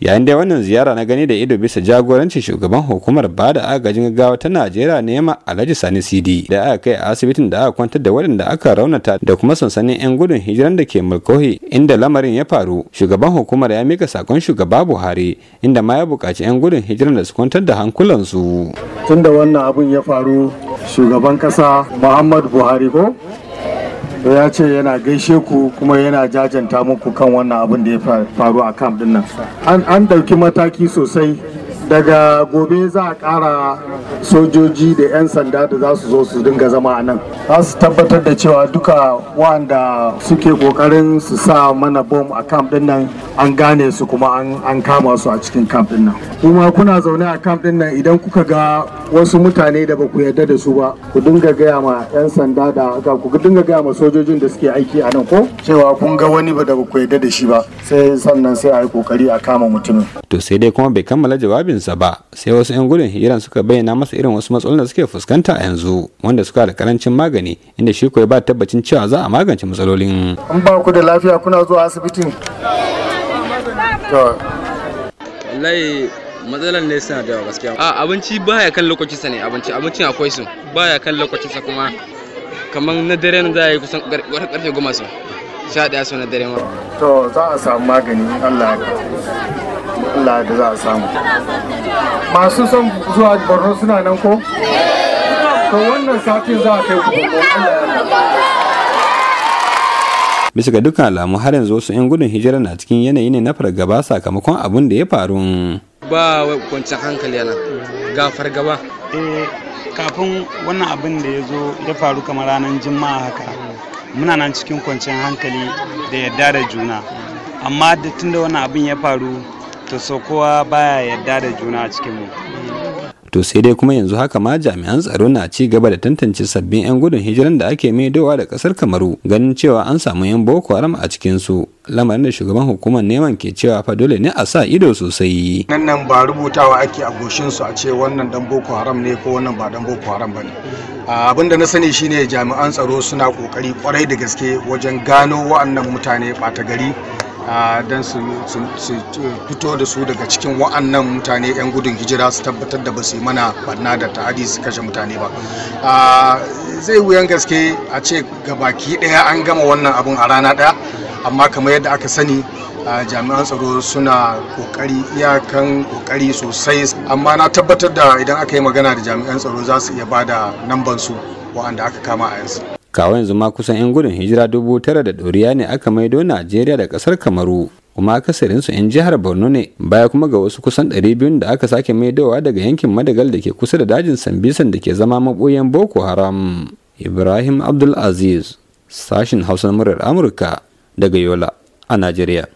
yayin da wannan ziyara na gani da ido bisa jagorancin shugaban hukumar ba da agajin gaggawa ta najeriya nema alhaji sani cd da aka kai a asibitin da aka kwantar da waɗanda aka raunata da kuma sansanin 'yan gudun hijiran da ke mulkohi inda lamarin ya faru shugaban hukumar ya mika sakon shugaba buhari inda ma ya buƙaci 'yan gudun hijiran da su kwantar da hankulansu tunda wannan abun ya faru shugaban ƙasa muhammadu buhari ko ya ce yana gaishe ku kuma yana jajanta muku kan wannan abin da ya faru a camp din nan an ɗauki mataki sosai daga gobe za a ƙara sojoji da 'yan sanda da za su zo su dinga zama a nan za su tabbatar da cewa duka wanda suke ƙoƙarin su sa mana bom a camp din nan an gane su kuma an kama su a cikin camp din nan kuma kuna zaune a camp din nan idan kuka ga wasu mutane da ba ku yarda da su ba ku dinga gaya ma 'yan sanda da haka ku dinga gaya ma sojojin da suke aiki a nan ko cewa kun ga wani ba da ba ku yarda da shi ba sai sannan sai a yi kokari a kama mutumin. to sai dai kuma bai kammala jawabinsa ba sai wasu 'yan gudun hiran suka bayyana masa irin wasu matsalolin da suke fuskanta a yanzu wanda suka da karancin magani inda shi koyi ba tabbacin cewa za a magance matsalolin. in ba ku da lafiya kuna zuwa asibitin. wallahi matsalar ne suna da yawa gaskiya a abinci baya kan lokaci sa ne abinci abincin akwai su baya kan lokaci sa kuma kamar na dare za yi kusan karfe goma su sha daya su na dare ma to za a samu magani allah allah da za a samu masu son zuwa borno suna nan ko to wannan satin za a kai ku bisa ga dukkan alamu har yanzu wasu 'yan gudun hijira na cikin yanayi ne na fargaba sakamakon abin da ya faru ba kwanciyar hankali yana ga fargaba eh, kafin wannan abin da ya zo ya faru kamar ranar juma'a haka muna nan cikin kwanciyar hankali da yadda da juna amma da tunda wannan abin ya faru to so kowa baya yadda da juna a cikinmu to sai dai kuma yanzu haka ma jami'an tsaro na ci gaba da tantance sabbin 'yan gudun hijiran da ake maidowa da kasar kamaru ganin cewa an samu 'yan boko haram a cikinsu lamarin da shugaban hukumar neman ke cewa fa dole ne a sa ido sosai nan nan ba rubutawa ake a goshin su a ce wannan dan boko haram ne ko wannan ba dan boko haram bane abin da na sani shine jami'an tsaro suna kokari kwarai da gaske wajen gano wa'annan mutane ɓata gari don su fito da su daga cikin wa'annan mutane 'yan gudun hijira su tabbatar da ba su yi mana barna da ta'adi su kashe mutane ba zai wuyan gaske a ce baki daya an gama wannan abun a rana daya amma kamar yadda aka sani jami'an tsaro suna kokari iyakan kokari sosai amma na tabbatar da idan aka yi magana da jami'an tsaro za su iya bada da su wa'anda aka kama a yanzu kawo yanzu ma kusan 'yan gudun hijira dubu tara da ɗoriya ne aka maido najeriya da ƙasar kamaru kuma su 'yan jihar borno ne baya kuma ga wasu kusan 200 da aka sake maidowa daga yankin madagal da ke kusa da dajin sambisan da ke zama maɓoyen boko haram ibrahim abdulaziz sashin hausa murar amurka daga yola a najeriya